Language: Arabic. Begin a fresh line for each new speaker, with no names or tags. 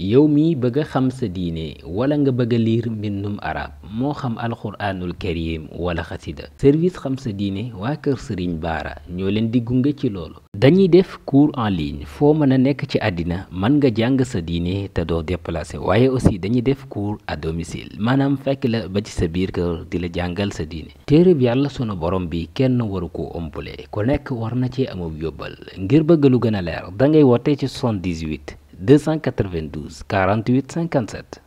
يومي بغا خمس ديني ولا نغا بغا لير منهم عرب مو خم القرآن الكريم ولا خسيدة سيرفيس خمس ديني واكر سرين بارا نيولن دي غنغة لولو داني ديف كور آن لين فو منا نكا چي أدنا من نغا جانغ سديني تدو دي بلاسي وايه اسي داني ديف كور أدوميسيل ما نام فاكلا بجي سبير كر ديلا جانغال سديني تيري بيالا سونا بروم بي كن نوركو أمبولي كونك ورنا چي أمو بيوبل نغير بغلو غنالير داني واتي چي سون 18 292
48 57